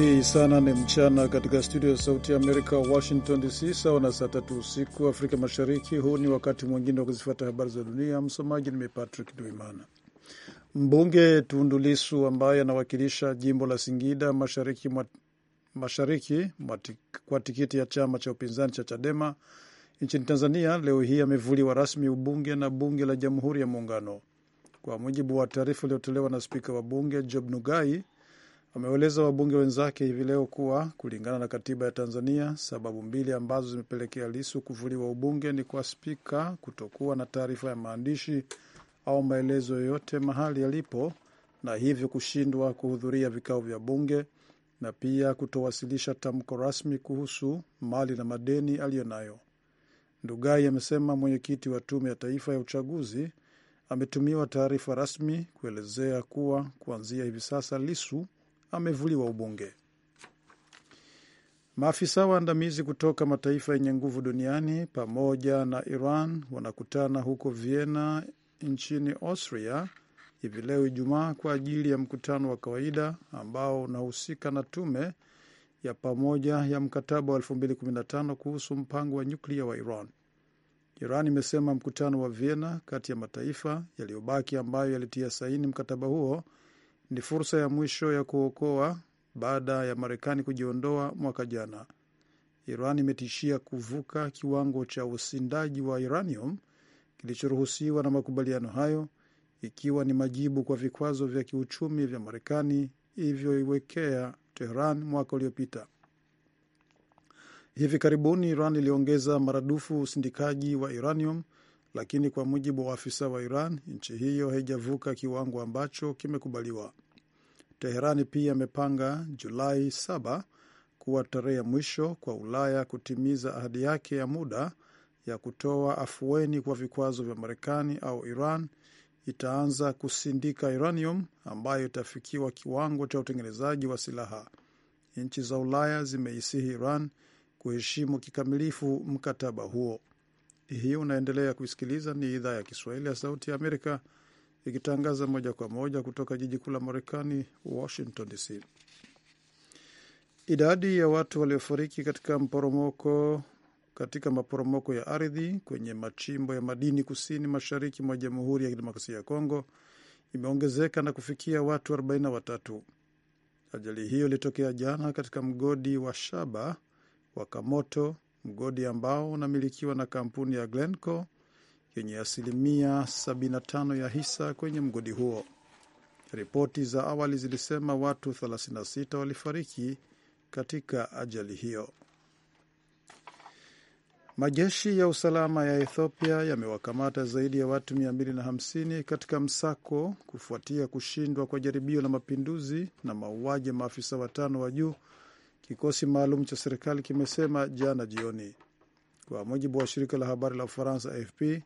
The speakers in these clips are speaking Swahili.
hii sana ni mchana katika studio ya Sauti ya Amerika, Washington DC, sawa na saa tatu usiku Afrika Mashariki. Huu ni wakati mwingine wa kuzifuata habari za dunia. Msomaji nime Patrick Duimana. Mbunge Tundulisu ambaye anawakilisha jimbo la Singida mashariki mwa, mashariki kwa tikiti ya chama cha upinzani cha Chadema nchini Tanzania leo hii amevuliwa rasmi ubunge na bunge la Jamhuri ya Muungano, kwa mujibu wa taarifa iliyotolewa na spika wa bunge Job Nugai wameeleza wabunge wenzake hivi leo kuwa kulingana na katiba ya Tanzania, sababu mbili ambazo zimepelekea Lisu kuvuliwa ubunge ni kwa spika kutokuwa na taarifa ya maandishi au maelezo yoyote mahali yalipo na hivyo kushindwa kuhudhuria vikao vya bunge na pia kutowasilisha tamko rasmi kuhusu mali na madeni aliyonayo. Ndugai amesema mwenyekiti wa Tume ya Taifa ya Uchaguzi ametumiwa taarifa rasmi kuelezea kuwa kuanzia hivi sasa Lisu amevuliwa ubunge. Maafisa waandamizi kutoka mataifa yenye nguvu duniani pamoja na Iran wanakutana huko Vienna nchini Austria hivi leo Ijumaa kwa ajili ya mkutano wa kawaida ambao unahusika na tume ya pamoja ya mkataba wa 2015 kuhusu mpango wa nyuklia wa Iran. Iran imesema mkutano wa Vienna kati ya mataifa yaliyobaki ambayo yalitia saini mkataba huo ni fursa ya mwisho ya kuokoa baada ya Marekani kujiondoa mwaka jana. Iran imetishia kuvuka kiwango cha usindaji wa uranium kilichoruhusiwa na makubaliano hayo, ikiwa ni majibu kwa vikwazo vya kiuchumi vya Marekani ilivyoiwekea tehran mwaka uliopita. Hivi karibuni Iran iliongeza maradufu usindikaji wa uranium lakini kwa mujibu wa afisa wa Iran, nchi hiyo haijavuka kiwango ambacho kimekubaliwa. Teherani pia amepanga Julai 7 kuwa tarehe ya mwisho kwa Ulaya kutimiza ahadi yake ya muda ya kutoa afueni kwa vikwazo vya Marekani au Iran itaanza kusindika uranium ambayo itafikiwa kiwango cha utengenezaji wa silaha. Nchi za Ulaya zimeisihi Iran kuheshimu kikamilifu mkataba huo. Hii unaendelea kuisikiliza ni idhaa ya Kiswahili ya Sauti ya Amerika ikitangaza moja kwa moja kutoka jiji kuu la Marekani, Washington DC. Idadi ya watu waliofariki katika mporomoko katika maporomoko ya ardhi kwenye machimbo ya madini kusini mashariki mwa Jamhuri ya Kidemokrasia ya Kongo imeongezeka na kufikia watu 43. Ajali hiyo ilitokea jana katika mgodi wa shaba wa Kamoto mgodi ambao unamilikiwa na kampuni ya Glencore yenye asilimia 75 ya hisa kwenye mgodi huo. Ripoti za awali zilisema watu 36 walifariki katika ajali hiyo. Majeshi ya usalama ya Ethiopia yamewakamata zaidi ya watu 250 katika msako kufuatia kushindwa kwa jaribio la mapinduzi na mauaji ya maafisa watano wa juu kikosi maalum cha serikali kimesema jana jioni, kwa mujibu wa shirika la habari la Ufaransa AFP.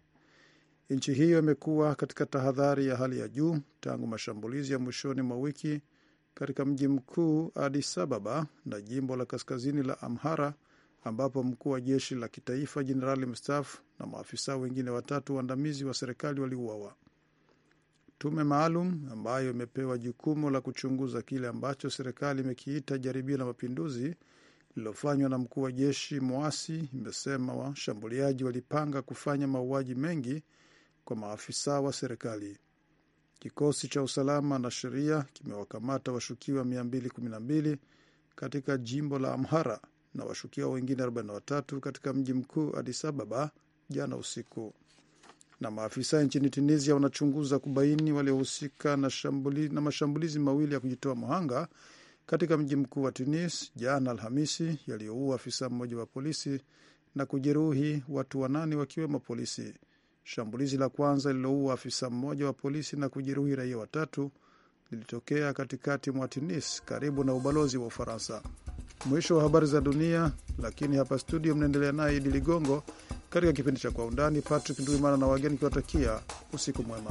Nchi hiyo imekuwa katika tahadhari ya hali ya juu tangu mashambulizi ya mwishoni mwa wiki katika mji mkuu Addis Ababa na jimbo la kaskazini la Amhara ambapo mkuu wa jeshi la kitaifa jenerali mstaafu na maafisa wengine watatu waandamizi wa serikali waliuawa tume maalum ambayo imepewa jukumu la kuchunguza kile ambacho serikali imekiita jaribio la mapinduzi lililofanywa na mkuu wa jeshi mwasi imesema washambuliaji walipanga kufanya mauaji mengi kwa maafisa wa serikali. Kikosi cha usalama na sheria kimewakamata washukiwa 212 katika jimbo la Amhara na washukiwa wengine 43 katika mji mkuu adisababa Ababa jana usiku na maafisa nchini Tunisia wanachunguza kubaini waliohusika na, na mashambulizi mawili ya kujitoa mhanga katika mji mkuu wa Tunis jana Alhamisi yaliyoua afisa mmoja wa polisi na kujeruhi watu wanane wakiwemo polisi. Shambulizi la kwanza lililoua afisa mmoja wa polisi na kujeruhi raia watatu lilitokea katikati mwa Tunis karibu na ubalozi wa Ufaransa. Mwisho wa habari za dunia, lakini hapa studio mnaendelea naye Idi Ligongo katika kipindi cha Kwa Undani. Patrick Nduimana na wageni kiwatakia usiku mwema.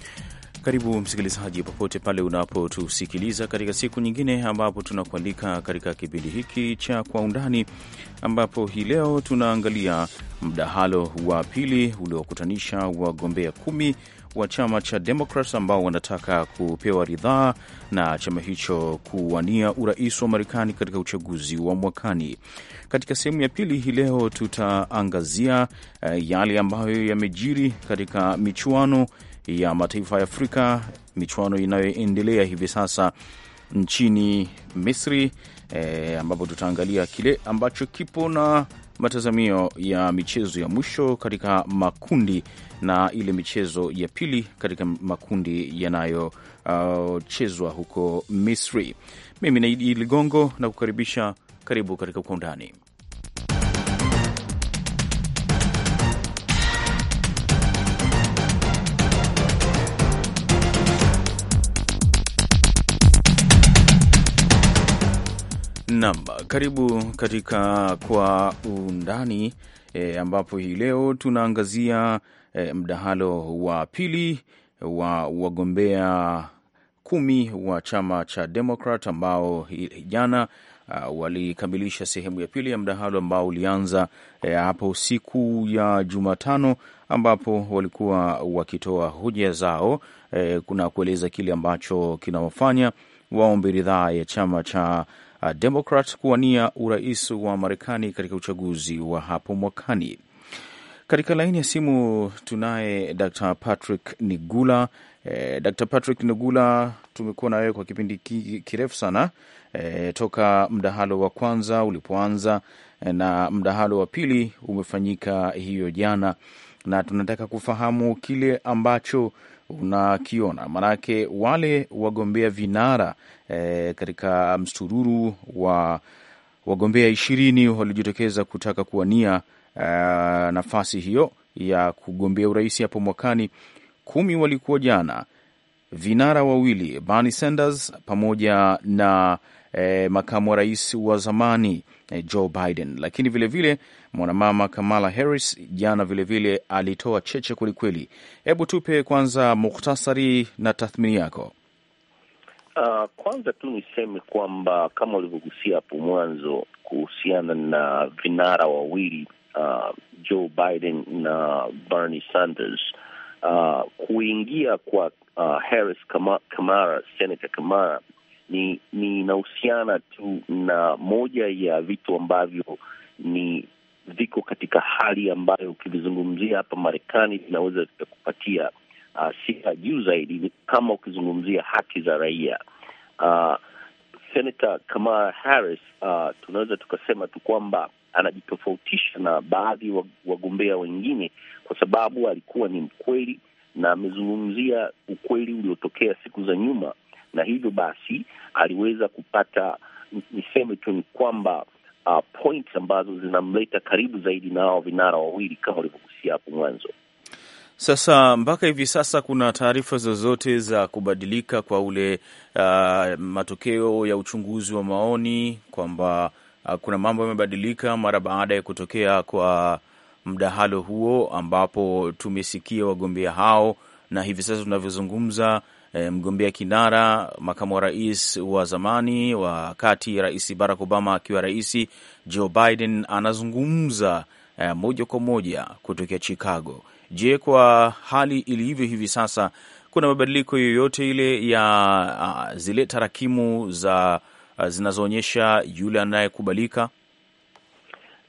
Karibu msikilizaji, popote pale unapotusikiliza katika siku nyingine, ambapo tunakualika katika kipindi hiki cha Kwa Undani, ambapo hii leo tunaangalia mdahalo wa pili uliokutanisha wagombea kumi wa chama cha Demokrat ambao wanataka kupewa ridhaa na chama hicho kuwania urais wa Marekani katika uchaguzi wa mwakani. Katika sehemu ya pili hii leo tutaangazia eh, yale ambayo yamejiri katika michuano ya mataifa ya Afrika, michuano inayoendelea hivi sasa nchini Misri e, ambapo tutaangalia kile ambacho kipo na matazamio ya michezo ya mwisho katika makundi na ile michezo ya pili katika makundi yanayochezwa uh, huko Misri. Mimi ni Idi Ligongo na kukaribisha, karibu katika Kwa Undani. Nam, karibu katika Kwa Undani e, ambapo hii leo tunaangazia e, mdahalo wa pili wa wagombea kumi wa chama cha Demokrat ambao jana uh, walikamilisha sehemu ya pili ya mdahalo ambao ulianza e, hapo eh, siku ya Jumatano ambapo walikuwa wakitoa hoja zao eh, kuna kueleza kile ambacho kinawafanya waombe ridhaa ya chama cha Democrat kuwania urais wa Marekani katika uchaguzi wa hapo mwakani. Katika laini ya simu tunaye Dr. Patrick Nigula. E, Dr. Patrick Nigula, tumekuwa na wewe kwa kipindi kirefu sana e, toka mdahalo wa kwanza ulipoanza e, na mdahalo wa pili umefanyika hiyo jana, na tunataka kufahamu kile ambacho unakiona? Maanake wale wagombea vinara e, katika msururu wa wagombea ishirini waliojitokeza kutaka kuwania e, nafasi hiyo ya kugombea urais hapo mwakani, kumi walikuwa jana vinara wawili Bernie Sanders pamoja na e, makamu wa rais wa zamani Eh, Joe Biden. Lakini vilevile mwanamama Kamala Harris jana vilevile alitoa cheche kwelikweli. Hebu tupe kwanza muhtasari na tathmini yako. Uh, kwanza tu niseme kwamba kama ulivyogusia hapo mwanzo kuhusiana na vinara wawili uh, Joe Biden na Bernie Sanders uh, kuingia kwa uh, Harris Kamara, Kamara, Senator Kamara ni inahusiana tu na moja ya vitu ambavyo ni viko katika hali ambayo ukivizungumzia hapa Marekani vinaweza vikakupatia uh, sifa juu zaidi, kama ukizungumzia haki za raia uh, ah, Senata Kamala Harris uh, tunaweza tukasema tu kwamba anajitofautisha na baadhi ya wagombea wengine kwa sababu alikuwa ni mkweli na amezungumzia ukweli uliotokea siku za nyuma na hivyo basi aliweza kupata, niseme tu ni kwamba uh, points ambazo zinamleta karibu zaidi na hao vinara wawili kama walivyogusia hapo mwanzo. Sasa mpaka hivi sasa kuna taarifa zozote za kubadilika kwa ule uh, matokeo ya uchunguzi wa maoni kwamba uh, kuna mambo yamebadilika mara baada ya kutokea kwa mdahalo huo ambapo tumesikia wagombea hao, na hivi sasa tunavyozungumza e, mgombea kinara makamu wa rais wa zamani wakati Rais Barack Obama akiwa rais, Joe Biden anazungumza e, moja kwa moja kutokea Chicago. Je, kwa hali ilivyo hivi sasa kuna mabadiliko yoyote ile ya a, ah, zile tarakimu za ah, zinazoonyesha yule anayekubalika?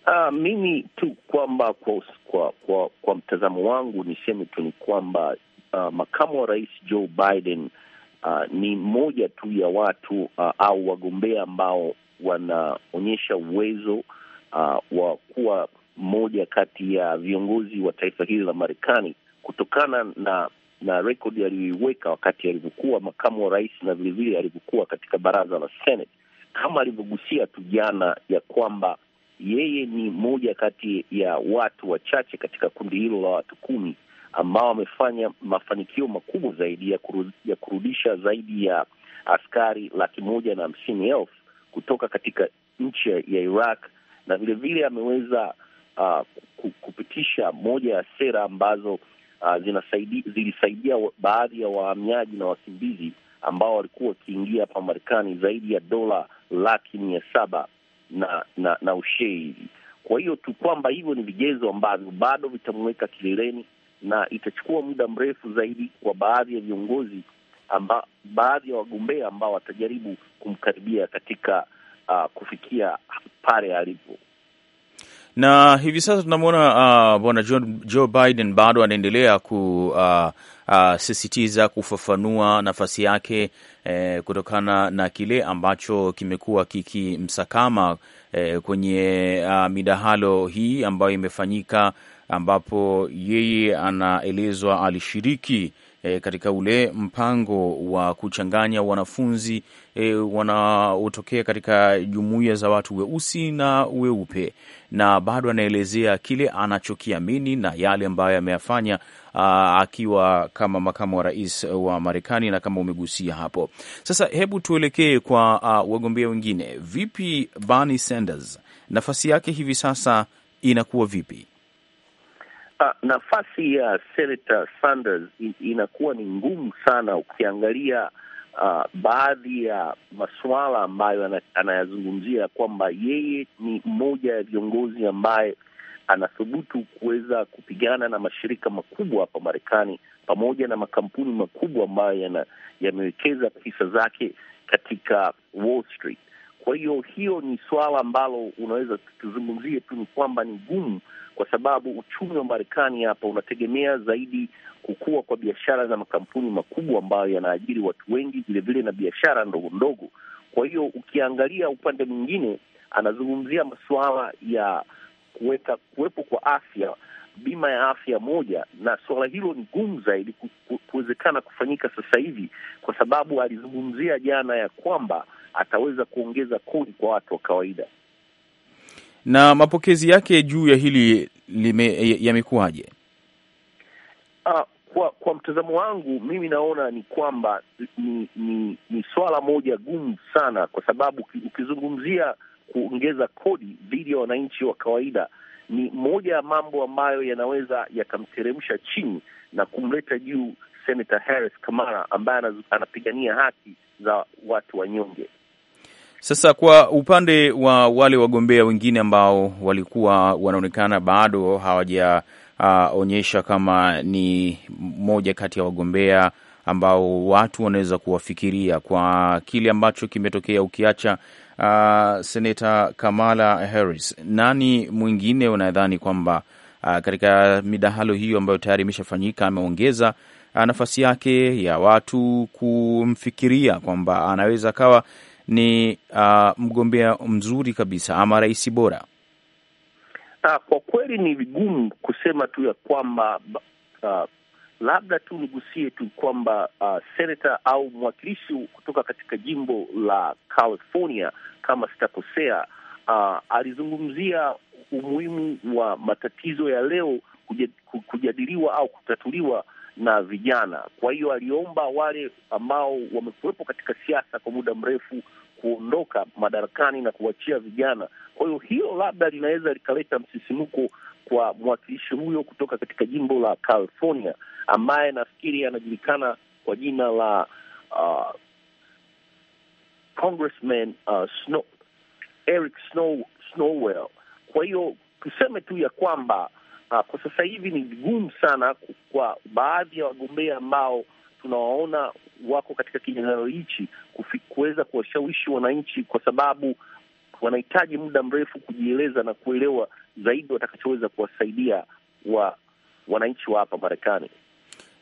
Uh, mimi tu kwamba kwa, kwa, kwa, kwa mtazamo wangu niseme tu ni kwamba uh, makamu wa rais Joe Biden uh, ni moja tu ya watu uh, au wagombea ambao wanaonyesha uwezo uh, wa kuwa moja kati ya viongozi wa taifa hili la Marekani kutokana na na rekodi aliyoiweka wakati alivyokuwa makamu wa rais na vilevile alivyokuwa katika baraza la Senate, kama alivyogusia tu jana ya kwamba yeye ni moja kati ya watu wachache katika kundi hilo la watu kumi ambao wamefanya mafanikio makubwa zaidi ya, kuru, ya kurudisha zaidi ya askari laki moja na hamsini elfu kutoka katika nchi ya Iraq na vilevile ameweza uh, kupitisha moja ya sera ambazo uh, zinasaidi, zilisaidia baadhi ya wahamiaji na wakimbizi ambao walikuwa wakiingia hapa Marekani zaidi ya dola laki mia saba na na, na ushei hivi. Kwa hiyo tu kwamba hivyo ni vigezo ambavyo bado vitamweka kileleni na itachukua muda mrefu zaidi kwa baadhi ya viongozi amba, baadhi ya wagombea ambao watajaribu kumkaribia katika uh, kufikia pale alipo na hivi sasa tunamwona uh, bwana Joe Biden bado anaendelea kusisitiza uh, uh, kufafanua nafasi yake eh, kutokana na kile ambacho kimekuwa kikimsakama eh, kwenye uh, midahalo hii ambayo imefanyika ambapo yeye anaelezwa alishiriki E, katika ule mpango wa kuchanganya wanafunzi e, wanaotokea katika jumuiya za watu weusi na weupe, na bado anaelezea kile anachokiamini na yale ambayo ameyafanya akiwa kama makamu wa rais wa Marekani, na kama umegusia hapo. Sasa hebu tuelekee kwa wagombea wengine. Vipi Bernie Sanders, nafasi yake hivi sasa inakuwa vipi? nafasi ya Senator Sanders inakuwa ni ngumu sana ukiangalia uh, baadhi ya masuala ambayo anayazungumzia kwamba yeye ni mmoja ya viongozi ambaye anathubutu kuweza kupigana na mashirika makubwa hapa Marekani pamoja na makampuni makubwa ambayo yamewekeza pesa zake katika Wall Street. Kwa hiyo hiyo ni suala ambalo unaweza tuzungumzie tu, ni kwamba ni gumu kwa sababu uchumi wa Marekani hapa unategemea zaidi kukua kwa biashara za makampuni makubwa ambayo yanaajiri watu wengi, vilevile na biashara ndogo ndogo. Kwa hiyo ukiangalia upande mwingine, anazungumzia masuala ya kuweka kuwepo kwa afya, bima ya afya moja, na suala hilo ni gumu zaidi kuwezekana kufanyika sasa hivi, kwa sababu alizungumzia jana ya kwamba ataweza kuongeza kodi kwa watu wa kawaida na mapokezi yake juu ya hili yamekuwaje? Uh, kwa kwa mtazamo wangu mimi naona ni kwamba ni ni, ni swala moja gumu sana, kwa sababu ukizungumzia kuongeza kodi dhidi ya wananchi wa kawaida ni moja ya mambo ambayo yanaweza yakamteremsha chini na kumleta juu Senator Harris Kamara ambaye anapigania haki za watu wanyonge. Sasa kwa upande wa wale wagombea wengine ambao walikuwa wanaonekana bado hawajaonyesha ah, uh, kama ni moja kati ya wagombea ambao watu wanaweza kuwafikiria kwa kile ambacho kimetokea, ukiacha uh, seneta Kamala Harris, nani mwingine unadhani kwamba uh, katika midahalo hiyo ambayo tayari imeshafanyika ameongeza nafasi yake ya watu kumfikiria kwamba anaweza akawa ni uh, mgombea mzuri kabisa ama rais bora? Uh, kwa kweli ni vigumu kusema tu ya kwamba uh, labda tu nigusie tu kwamba uh, senata au mwakilishi kutoka katika jimbo la California kama sitakosea, uh, alizungumzia umuhimu wa matatizo ya leo kujadiliwa au kutatuliwa na vijana. Kwa hiyo aliomba wale ambao wamekuwepo katika siasa kwa muda mrefu kuondoka madarakani na kuachia vijana. Kwa hiyo hilo labda linaweza likaleta msisimuko kwa mwakilishi huyo kutoka katika jimbo la California ambaye nafikiri anajulikana kwa jina la uh, Congressman uh, Snow, Eric Snow, Snowwell. Kwa hiyo tuseme tu ya kwamba kwa sasa hivi ni vigumu sana kwa baadhi ya wagombea ambao tunawaona wako katika kinyang'anyiro hichi kuweza kuwashawishi wananchi, kwa sababu wanahitaji muda mrefu kujieleza na kuelewa zaidi watakachoweza kuwasaidia wa wananchi wa hapa Marekani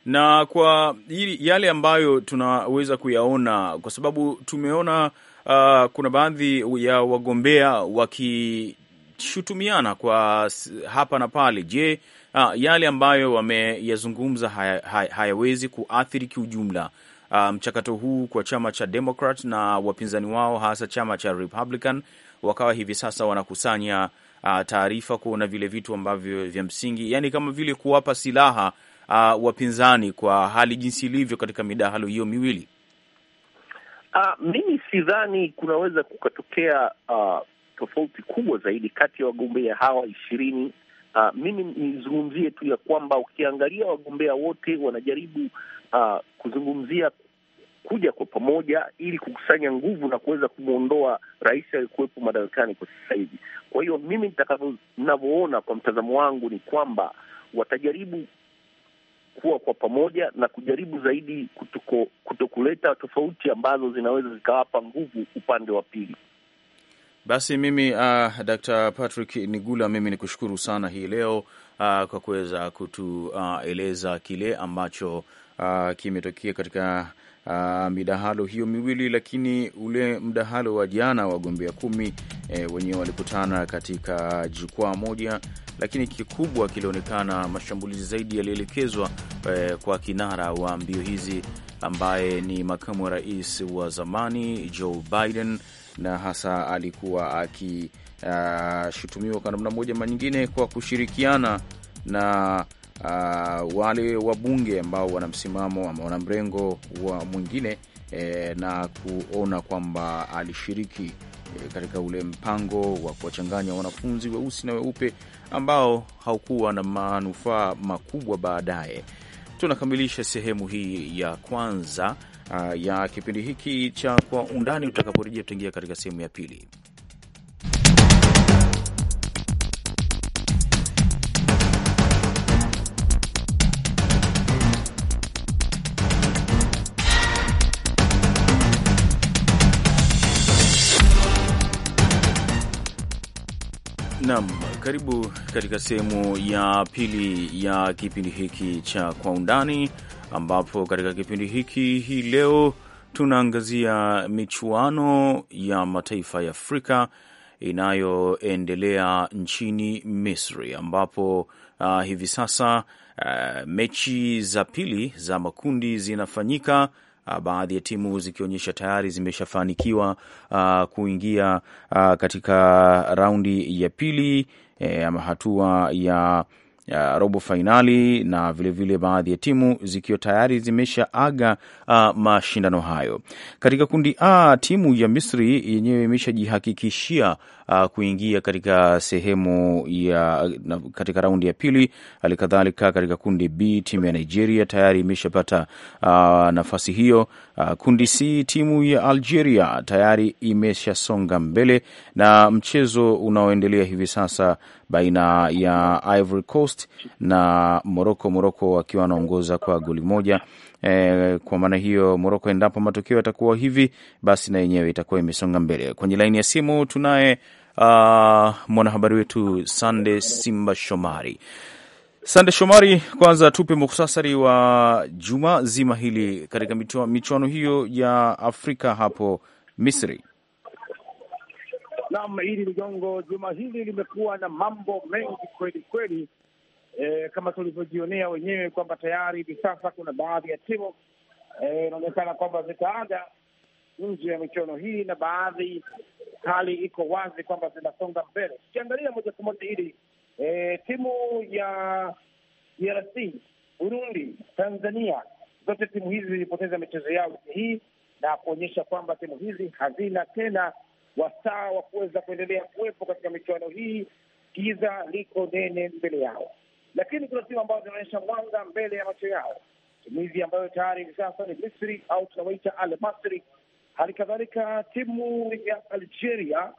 na kwa yale ambayo tunaweza kuyaona, kwa sababu tumeona uh, kuna baadhi ya wagombea waki wanashutumiana kwa hapa na pale. Je, uh, yale ambayo wameyazungumza hayawezi haya, haya kuathiri kiujumla uh, mchakato huu kwa chama cha Democrat na wapinzani wao hasa chama cha Republican, wakawa hivi sasa wanakusanya uh, taarifa kuona vile vitu ambavyo vya msingi, yani kama vile kuwapa silaha uh, wapinzani kwa hali jinsi ilivyo katika midahalo hiyo miwili. Uh, mimi sidhani kunaweza kukatokea uh, tofauti kubwa zaidi kati ya wagombea hawa ishirini. Uh, mimi nizungumzie tu ya kwamba ukiangalia wagombea wote wanajaribu uh, kuzungumzia kuja kwa pamoja ili kukusanya nguvu na kuweza kumwondoa rais aliyekuwepo madarakani kwa sasa hivi. Kwa hiyo mimi nitakavyo, ninavyoona kwa mtazamo wangu ni kwamba watajaribu kuwa kwa pamoja na kujaribu zaidi kutokuleta tofauti ambazo zinaweza zikawapa nguvu upande wa pili. Basi mimi uh, Dr. Patrick Nigula, mimi ni kushukuru sana hii leo uh, kwa kuweza kutueleza uh, kile ambacho uh, kimetokea katika uh, midahalo hiyo miwili, lakini ule mdahalo wa jana wagombea kumi eh, wenyewe walikutana katika jukwaa moja, lakini kikubwa kilionekana mashambulizi zaidi yalielekezwa eh, kwa kinara wa mbio hizi ambaye ni makamu wa rais wa zamani Joe Biden na hasa alikuwa akishutumiwa uh, kwa namna moja ama nyingine kwa kushirikiana na uh, wale wabunge ambao wana msimamo ama wana mrengo wa mwingine eh, na kuona kwamba alishiriki eh, katika ule mpango wa kuwachanganya wanafunzi weusi na weupe ambao haukuwa na manufaa makubwa baadaye. Tunakamilisha sehemu hii ya kwanza uh, ya kipindi hiki cha Kwa Undani. Utakaporejea tutaingia katika sehemu ya pili. Nam, karibu katika sehemu ya pili ya kipindi hiki cha Kwa Undani ambapo katika kipindi hiki hii leo tunaangazia michuano ya mataifa ya Afrika inayoendelea nchini Misri ambapo uh, hivi sasa uh, mechi za pili za makundi zinafanyika ah, baadhi ya timu zikionyesha tayari zimeshafanikiwa uh, kuingia uh, katika raundi ya pili eh, ama hatua ya ya robo fainali na vilevile baadhi ya timu zikiwa tayari zimesha aga uh, mashindano hayo. Katika kundi A, timu ya Misri yenyewe imeshajihakikishia uh, kuingia katika sehemu ya katika raundi ya pili. Halikadhalika katika kundi B, timu ya Nigeria tayari imeshapata uh, nafasi hiyo. Uh, kundi C, timu ya Algeria tayari imeshasonga mbele na mchezo unaoendelea hivi sasa baina ya Ivory Coast na moroko moroko akiwa anaongoza kwa goli moja. E, kwa maana hiyo moroko endapo matokeo yatakuwa hivi, basi na yenyewe itakuwa imesonga mbele. Kwenye laini ya simu tunaye uh, mwanahabari wetu Sande Simba Shomari. Sande Shomari, kwanza tupe muhtasari wa juma zima hili katika michuano hiyo ya Afrika hapo Misri. Naam, hili Ligongo, juma hili limekuwa na mambo mengi kweli kweli, e, kama tulivyojionea wenyewe kwamba tayari hivi sasa kuna baadhi ya timu e, inaonekana e, kwamba zitaaga nje ya michuano hii na baadhi hali iko wazi kwamba zinasonga mbele. Tukiangalia moja kwa moja hili e, timu ya DRC, Burundi, Tanzania, zote timu hizi zilipoteza michezo yao wiki hii na kuonyesha kwamba timu hizi hazina tena wasaa wa kuweza kuendelea kuwepo katika michuano hii, giza liko nene mbele yao, lakini kuna timu ambazo zinaonyesha mwanga mbele ya macho yao. Timu ambayo tayari hivi sasa ni Misri au tunawaita Al Masri, hali kadhalika timu ya Algeria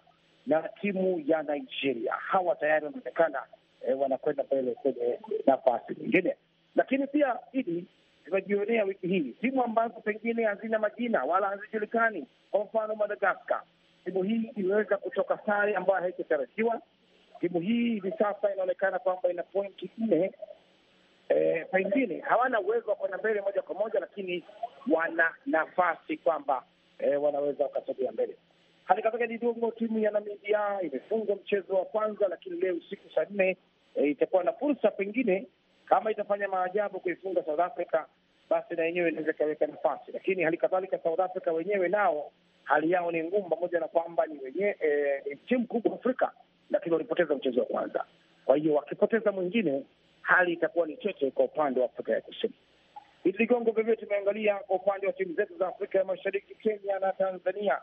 na timu ya Nigeria. Hawa tayari wanaonekana eh, wanakwenda mbele kwenye nafasi nyingine, lakini pia hili tumejionea wiki hii timu ambazo pengine hazina majina wala hazijulikani, kwa mfano Madagaskar timu hii imeweza kutoka sare ambayo haikutarajiwa. Timu hii hivi sasa inaonekana kwamba ina pointi nne. E, pengine hawana uwezo wa kwenda mbele moja kwa moja, lakini wana nafasi kwamba e, wanaweza wakasogea mbele. Hali kadhalika Didongo, timu ya Namibia imefungwa mchezo wa kwanza, lakini leo usiku saa nne e, itakuwa na fursa pengine kama itafanya maajabu kuifunga South Africa basi na yenyewe inaweza ikaweka nafasi, lakini hali kadhalika South Africa wenyewe nao hali yao ni ngumu, pamoja na kwamba ni wenyewe eh, ni timu kubwa Afrika, lakini walipoteza mchezo wa kwanza. Kwa hiyo wakipoteza mwingine, hali itakuwa ni tete kwa upande wa Afrika ya Kusini. Hili ligongo vivyo tumeangalia kwa upande wa timu zetu za Afrika ya Mashariki, Kenya na Tanzania.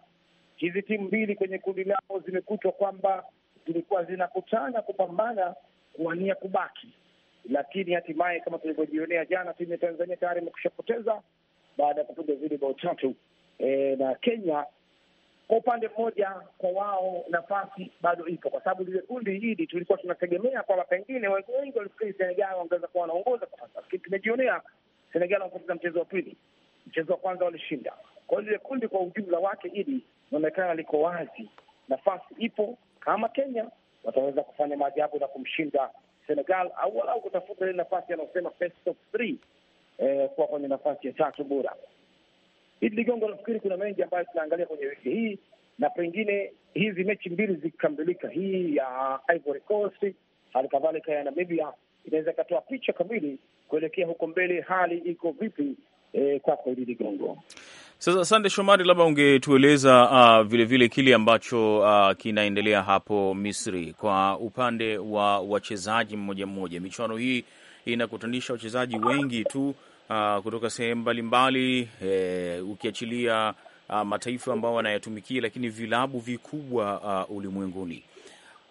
Hizi timu mbili kwenye kundi lao zimekutwa kwamba zilikuwa zinakutana kupambana kuwania kubaki lakini hatimaye kama tulivyojionea jana, timu ya Tanzania tayari imekusha poteza baada ya kupiga zile bao tatu e, na Kenya kwa upande mmoja, kwa wao nafasi bado ipo, kwa sababu lile kundi hili tulikuwa tunategemea kwamba pengine wengi walifikiri Senegal wangeweza kuwa wanaongoza kwa sasa, lakini tumejionea Senegal wamepoteza mchezo wa pili, mchezo wa kwanza walishinda. Kwa hiyo lile kundi kwa ujumla wake hili inaonekana liko wazi, nafasi ipo, kama Kenya wataweza kufanya maajabu na kumshinda Senegal au walau kutafuta ile nafasi anaosema best of three eh, kuwa kwenye nafasi ya tatu bora. Hili ligongo, nafikiri kuna mengi ambayo tunaangalia kwenye wiki hii, na pengine hizi mechi mbili zikikamilika, hii ya Ivory Coast hali kadhalika ya Namibia, inaweza ikatoa picha kamili kuelekea huko mbele, hali iko vipi? Eh, kwako Idi Ligongo. Sasa Sande Shomari, labda ungetueleza uh, vilevile kile ambacho uh, kinaendelea hapo Misri kwa upande wa wachezaji mmoja mmoja. Michuano hii inakutanisha wachezaji wengi tu uh, kutoka sehemu mbalimbali eh, ukiachilia uh, mataifa ambao wanayatumikia, lakini vilabu vikubwa uh, ulimwenguni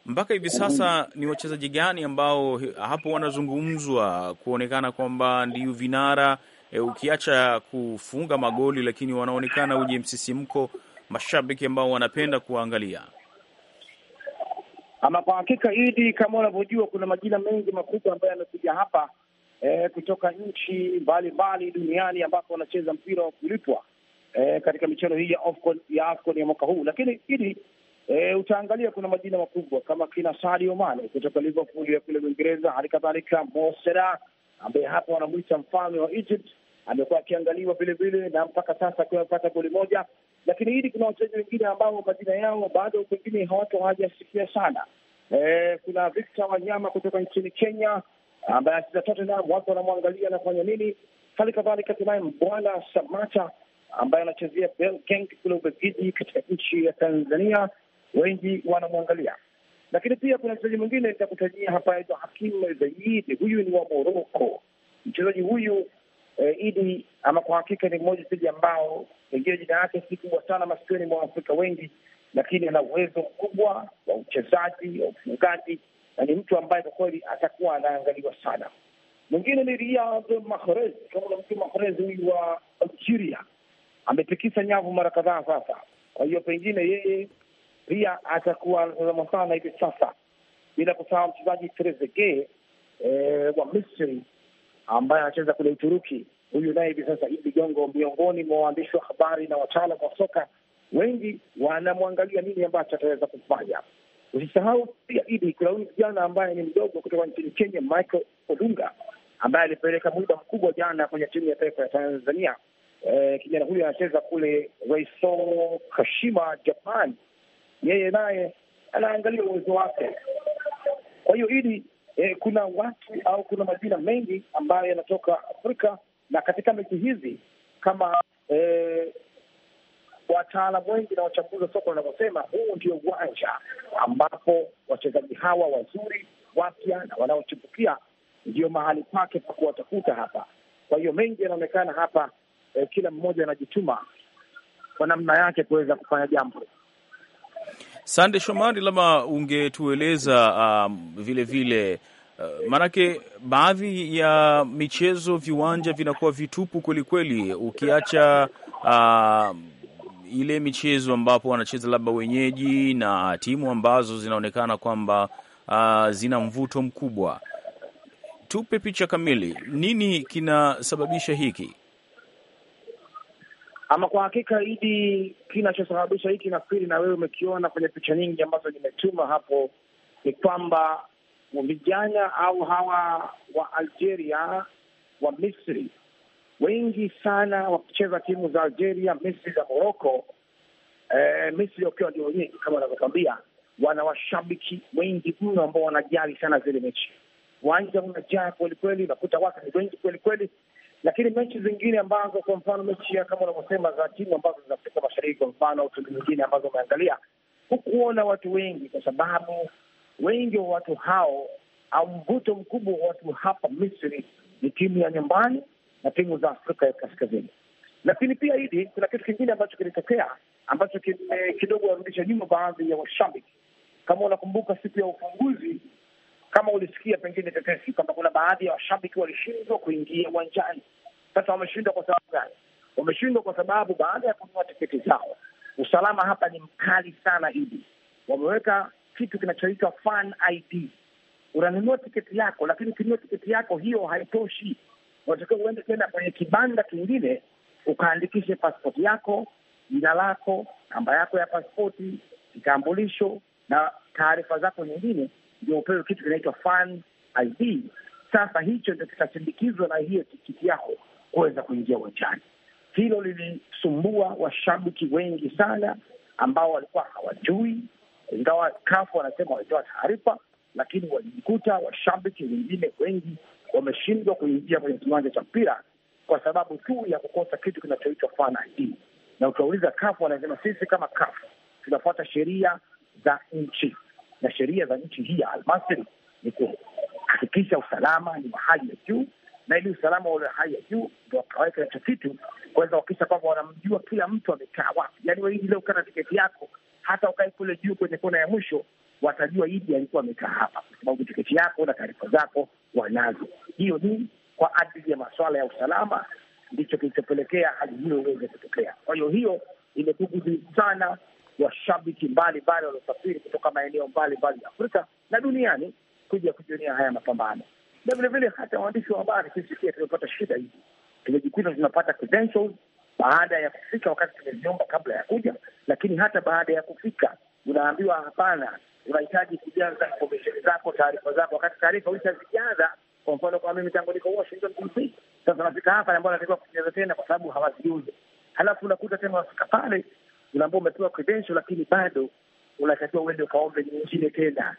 mpaka hivi sasa ni wachezaji gani ambao hapo wanazungumzwa kuonekana kwamba ndio vinara e, ukiacha kufunga magoli, lakini wanaonekana uje msisimko mashabiki ambao wanapenda kuangalia. Ama kwa hakika, Idi, kama unavyojua, kuna majina mengi makubwa ambayo yamekuja hapa e, kutoka nchi mbalimbali duniani ambapo wanacheza mpira wa kulipwa e, katika michuano hii ya Afcon ya Afcon ya mwaka huu, lakini Idi E, utaangalia kuna majina makubwa kama kina Sadio Mane kutoka Liverpool ya kule Uingereza, hali kadhalika Mo Salah ambaye hapa wanamwita mfalme wa Egypt, amekuwa akiangaliwa vilevile na mpaka sasa akiwa amepata goli moja. Lakini hili kuna wachezaji wengine ambao majina yao bado pengine hawatu hawajasikia sana. E, kuna Victor Wanyama kutoka nchini Kenya ambaye anacheza Tottenham, watu wanamwangalia anafanya nini. Hali kadhalika tunaye Mbwana Samata ambaye anachezea Belgeng kule Ubelgiji katika nchi ya Tanzania, wengi wanamwangalia lakini pia kuna mchezaji mwingine nitakutajia hapa, aitwa Hakim Zaidi. Huyu ni wa Moroko. Mchezaji huyu e, Idi, ama kwa hakika ni mmoja mchezaji ambao pengine jina yake si kubwa sana masikioni mwa Afrika wengi, lakini ana uwezo mkubwa wa uchezaji wa ufungaji na ni mtu ambaye kwa kweli atakuwa anaangaliwa sana. Mwingine ni Riyad Mahrez, kama mtu Mahrez huyu wa Algeria ametikisa nyavu mara kadhaa sasa. Kwa hiyo pengine yeye pia atakuwa anatazamwa sana hivi sasa, bila kusahau mchezaji Trezeguet eh, wa Misri ambaye anacheza kule Uturuki. Huyu naye hivi sasa, Idi Ligongo, miongoni mwa waandishi wa habari na wataalam wa soka wengi wanamwangalia nini ambacho ataweza kufanya. Usisahau pia Idi, kuna huyu kijana ambaye ni mdogo kutoka nchini Kenya, Michael Olunga ambaye alipeleka muda mkubwa jana kwenye timu ya taifa ya Tanzania. Eh, kijana huyu anacheza kule Reiso Kashima, Japan, yeye naye anaangalia uwezo wake. Kwa hiyo ili eh, kuna watu au kuna majina mengi ambayo yanatoka Afrika na katika mechi hizi kama eh, wataalam wengi na wachambuzi wa soka wanavyosema, huu ndio uwanja ambapo wachezaji hawa wazuri wapya na wanaochipukia ndio mahali pake pa kuwatafuta hapa. Kwa hiyo mengi yanaonekana hapa eh, kila mmoja anajituma kwa namna yake kuweza kufanya jambo. Sande Shomari, labda ungetueleza um, vile vile uh, maanake baadhi ya michezo viwanja vinakuwa vitupu kwelikweli, ukiacha uh, ile michezo ambapo wanacheza labda wenyeji na timu ambazo zinaonekana kwamba uh, zina mvuto mkubwa. Tupe picha kamili, nini kinasababisha hiki? Ama kwa hakika Idi, kinachosababisha hiki nafikiri na wewe umekiona kwenye picha nyingi ambazo nimetuma hapo, ni kwamba vijana au hawa wa Algeria wa Misri wengi sana wakicheza timu za Algeria, Misri za Moroko, e, eh, Misri wakiwa ndio wenyeji kama wanavyokwambia, wana washabiki wengi mno ambao wanajali sana zile mechi. Uwanja unajaa kwelikweli, unakuta watu ni wengi kwelikweli, lakini mechi zingine ambazo kwa mfano mechi ya kama unavyosema za timu ambazo za Afrika Mashariki, kwa mfano timu zingine ambazo umeangalia, hukuona watu wengi, kwa sababu wengi wa watu hao au mvuto mkubwa wa watu hapa Misri ni timu ya nyumbani na timu za Afrika ya Kaskazini. Lakini pia hili kuna kitu kingine ambacho kilitokea ambacho kime eh, kidogo warudisha nyuma baadhi ya washabiki. Kama unakumbuka siku ya ufunguzi kama ulisikia pengine tetesi kwamba kuna baadhi ya washabiki walishindwa kuingia uwanjani. Sasa wameshindwa kwa sababu gani? Wameshindwa kwa sababu baada ya kununua tiketi zao, usalama hapa ni mkali sana. hivi. wameweka kitu kinachoitwa fan ID. Unanunua tiketi yako, lakini ukinunua tiketi yako hiyo haitoshi, unatakiwa uende tena kwenye kibanda kingine ukaandikishe paspoti yako, jina lako, namba yako ya paspoti, kitambulisho na taarifa zako nyingine ndio upewe kitu kinaitwa fan ID. Sasa hicho ndio kitasindikizwa na hiyo tikiti yako kuweza kuingia uwanjani. Hilo lilisumbua washabiki wengi sana ambao walikuwa hawajui, ingawa kafu wanasema walitoa taarifa, lakini walijikuta washabiki wengine wengi wameshindwa kuingia kwenye kiwanja cha mpira kwa sababu tu ya kukosa kitu kinachoitwa fan ID. Na ukiwauliza kafu wanasema sisi kama kafu tunafuata sheria za nchi na sheria za nchi hii ya Almasri ni kuhakikisha usalama ni wa hali ya juu, na ili usalama wa hali ya juu ndo wakaweka hicho kitu kuweza kuhakikisha kwamba wanamjua kila mtu amekaa wapi. Yani wewe leo ukaa na tiketi yako, hata ukae kule juu kwenye kona ya mwisho, watajua Idi alikuwa amekaa hapa, kwa sababu tiketi yako na taarifa zako wanazo. Hiyo ni kwa ajili ya masuala ya usalama, ndicho kilichopelekea hali hiyo iweze kutokea. Kwa hiyo hiyo imekugudu sana washabiki mbalimbali waliosafiri kutoka maeneo mbalimbali ya Afrika na duniani kuja kujionea haya mapambano, na vilevile hata waandishi wa habari kisikia, tumepata shida hizi, tumejikuta tunapata credentials baada ya kufika, wakati tumeziomba kabla ya kuja, lakini hata baada ya kufika unaambiwa hapana, unahitaji kujaza information zako, taarifa zako, wakati taarifa ulishazijaza. Kwa mfano kama mimi tangu niko Washington DC, sasa nafika hapa ambao natakiwa kujaza tena, kwa sababu hawaziuze, halafu unakuta tena wafika pale una ambao umepewa credential lakini bado unatakiwa uende ukaombe nyingine tena.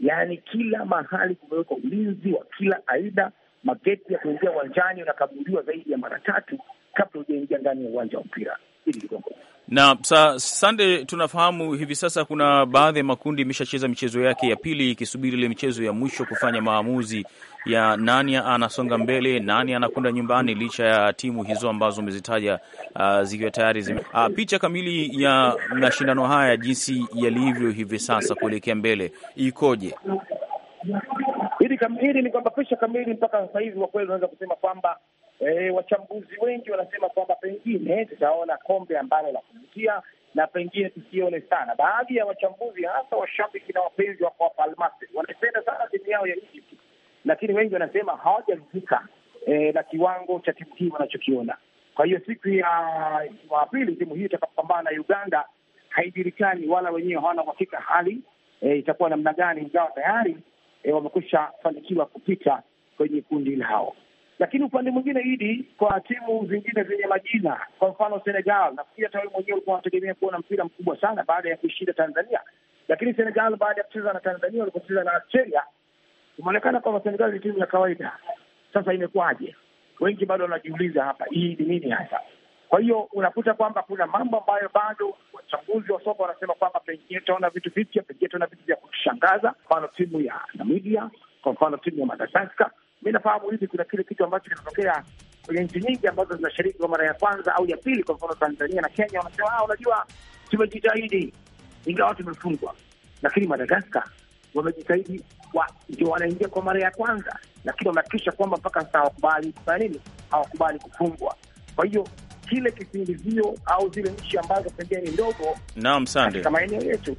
Yaani kila mahali kumewekwa ulinzi wa kila aina. Mageti ya kuingia uwanjani unakaguliwa zaidi ya mara tatu kabla hujaingia ndani ya uwanja wa mpira kipindi kidogo. Na sa sande, tunafahamu hivi sasa kuna baadhi ya makundi imeshacheza michezo yake ya pili ikisubiri ile michezo ya mwisho kufanya maamuzi ya nani anasonga mbele, nani anakwenda nyumbani, licha ya timu hizo ambazo umezitaja uh, zikiwa tayari zime uh, picha kamili ya mashindano haya jinsi yalivyo hivi sasa kuelekea mbele ikoje? Hili ni kwamba picha kamili mpaka sasa hivi kwa kweli unaweza kusema kwamba E, wachambuzi wengi wanasema kwamba pengine tutaona kombe ambalo la kuvutia na pengine tusione sana. Baadhi ya wachambuzi hasa washabiki na wapenzi wa Copa del wanaipenda sana timu yao ya Egypt, lakini wengi wanasema hawajafika e, na kiwango cha timu hii wanachokiona. Kwa hiyo siku ya Jumapili timu hii itakapopambana na Uganda haijulikani, wala wenyewe hawana uhakika hali e, itakuwa namna gani, ingawa tayari e, wamekwisha fanikiwa kupita kwenye kundi lao. Lakini upande mwingine idi kwa timu zingine zenye majina, kwa mfano Senegal, nafikiri hata wewe mwenyewe ulikuwa unategemea kuona mpira mkubwa sana baada ya kuishinda Tanzania, lakini Senegal baada ya kucheza na Tanzania walipocheza na Algeria umeonekana kwamba Senegal ni timu ya kawaida. Sasa imekuwaje? Wengi bado wanajiuliza hapa, hii ni nini hasa? Kwa hiyo unakuta kwamba kuna mambo ambayo bado wachambuzi wa soka wanasema kwamba pengine tutaona vitu vipya, pengine tutaona vitu vya kushangaza, kwa mfano timu ya Namibia, kwa mfano timu ya Madagaskar mi nafahamu hivi, kuna kile kitu ambacho kinatokea kwenye nchi nyingi ambazo zinashiriki kwa mara ya kwanza au ya pili. Kwa mfano Tanzania na Kenya wanasema ah, unajua tumejitahidi ingawa tumefungwa, lakini Madagaskar wamejitahidi ndio wanaingia kwa mara ya kwanza, lakini wamehakikisha kwamba mpaka sasa hawakubali kufanya nini, hawakubali kufungwa. Kwa hiyo kile kisingizio au zile nchi ambazo pengine ni ndogo katika maeneo yetu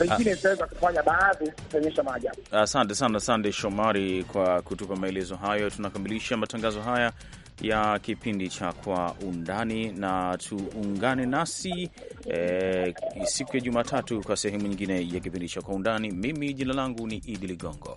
pengine ah. itaweza kufanya baadhi kuonyesha maajabu. Asante sana Sande Shomari kwa kutupa maelezo hayo. Tunakamilisha matangazo haya ya kipindi cha Kwa Undani, na tuungane nasi e, siku ya Jumatatu kwa sehemu nyingine ya kipindi cha Kwa Undani. Mimi jina langu ni Idi Ligongo.